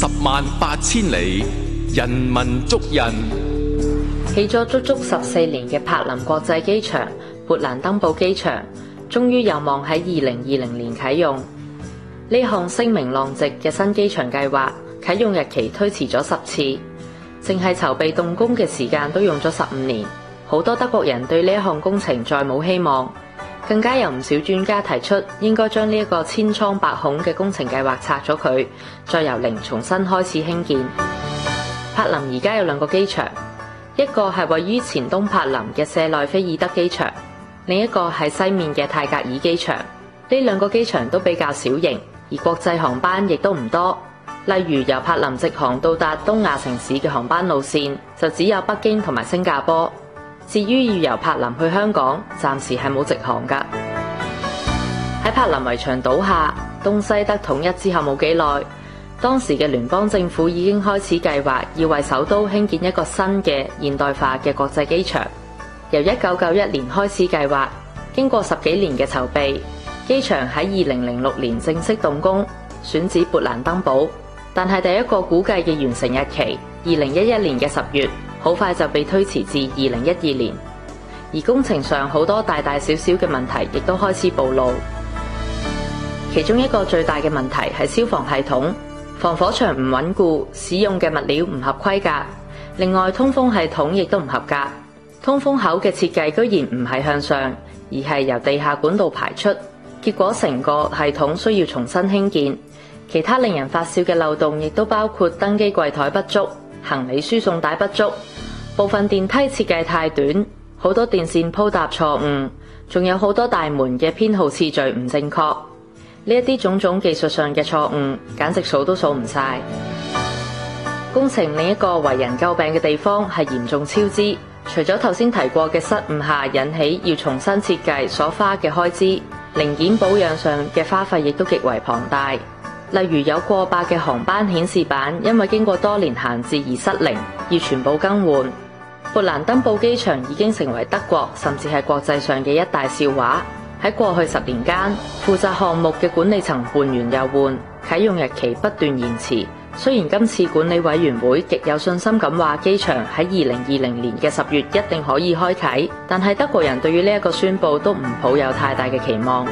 十萬八千里，人文足印。起咗足足十四年嘅柏林國際機場勃蘭登堡機場，終於有望喺二零二零年啟用。呢項聲名浪藉嘅新機場計劃啟用日期推遲咗十次，淨係籌備動工嘅時間都用咗十五年。好多德國人對呢項工程再冇希望。更加有唔少專家提出，應該將呢一個千瘡百孔嘅工程計劃拆咗佢，再由零重新開始興建。柏林而家有兩個機場，一個係位於前東柏林嘅舍內菲爾德機場，另一個係西面嘅泰格爾機場。呢兩個機場都比較小型，而國際航班亦都唔多。例如由柏林直航到達東亞城市嘅航班路線，就只有北京同埋新加坡。至於要由柏林去香港，暫時係冇直航㗎。喺柏林圍牆倒下、東西德統一之後冇幾耐，當時嘅聯邦政府已經開始計劃要為首都興建一個新嘅現代化嘅國際機場。由一九九一年開始計劃，經過十幾年嘅籌備，機場喺二零零六年正式動工，選址勃蘭登堡，但係第一個估計嘅完成日期，二零一一年嘅十月。好快就被推遲至二零一二年，而工程上好多大大小小嘅問題，亦都開始暴露。其中一個最大嘅問題係消防系統，防火牆唔穩固，使用嘅物料唔合規格，另外，通風系統亦都唔合格，通風口嘅設計居然唔係向上，而係由地下管道排出，結果成個系統需要重新興建。其他令人發笑嘅漏洞，亦都包括登機櫃台不足。行李輸送帶不足，部分電梯設計太短，好多電線鋪搭錯誤，仲有好多大門嘅編號次序唔正確，呢一啲種種技術上嘅錯誤，簡直數都數唔晒。工程另一個為人詬病嘅地方係嚴重超支，除咗頭先提過嘅失誤下引起要重新設計所花嘅開支，零件保養上嘅花費亦都極為龐大。例如有過百嘅航班顯示板，因為經過多年閒置而失靈，而全部更換。勃蘭登堡機場已經成為德國甚至係國際上嘅一大笑話。喺過去十年間，負責項目嘅管理層換完又換，啟用日期不斷延遲。雖然今次管理委員會極有信心咁話，機場喺二零二零年嘅十月一定可以開啟，但係德國人對於呢一個宣布都唔抱有太大嘅期望。